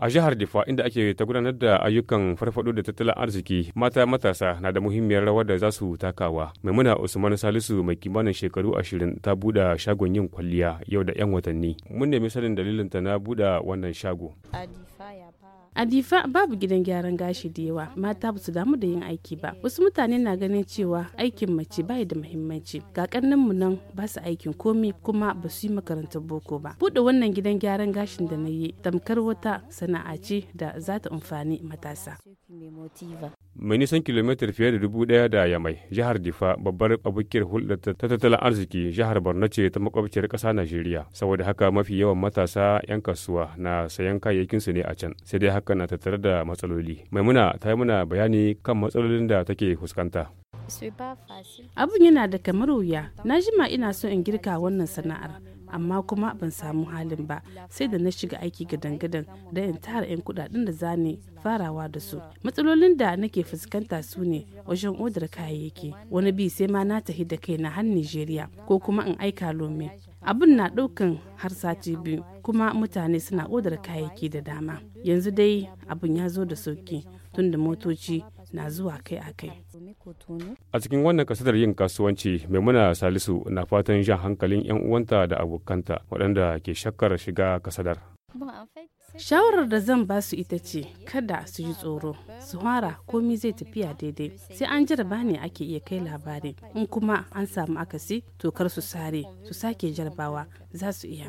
A jihar Difa inda ake ta gudanar da ayyukan farfaɗo da tattalin arziki mata matasa na da muhimmiyar rawar da za su takawa. Maimuna Usman Salisu mai kimanin shekaru ashirin ta buɗe shagon yin kwalliya yau da 'yan watanni. Mun nemi sanin dalilinta na buɗe wannan shago. adifa babu gidan gyaran gashi da yawa mata ba su damu da yin aiki ba wasu mutane na ganin cewa aikin mace bai da muhimmanci ga karnin mu nan ba su aikin komi kuma ba su yi makarantar boko ba bude wannan gidan gyaran gashin da na yi tamkar wata sana'a ce da za ta amfani matasa mai nisan kilomitar fiye da dubu ɗaya da yamai jihar difa babbar abokiyar hulɗar ta tattalin arziki jihar borno ce ta makwabciyar ƙasa najeriya saboda haka mafi yawan matasa 'yan kasuwa na sayan kayayyakin su ne a can sai dai haka na tattare da matsaloli maimuna ta yi muna bayani kan matsalolin da take fuskanta abun yana da kamar wuya na jima ina so in girka wannan sana'ar amma kuma ban samu halin ba sai da na shiga aiki gadan-gadan da in tara 'yan kudaden da za farawa da su matsalolin da nake fuskanta su ne wajen odar kayayyaki wani bi sai ma na tafi da kai na har nigeria ko kuma in aika lome abun na daukan har sati biyu kuma mutane suna odar kayayyaki da dama yanzu dai abun ya zo da sauki tunda motoci na zuwa kai a kai. A cikin wannan kasadar yin kasuwanci Maimuna Salisu na fatan jan hankalin 'yan uwanta da abokanta waɗanda ke shakkar shiga kasadar. Shawarar da zan ba su ita ce kada su ji tsoro, su hara komi zai tafiya daidai, sai an jarba ne ake iya kai labari, in kuma an samu akasi tokar su sare, su sake jarbawa za su iya.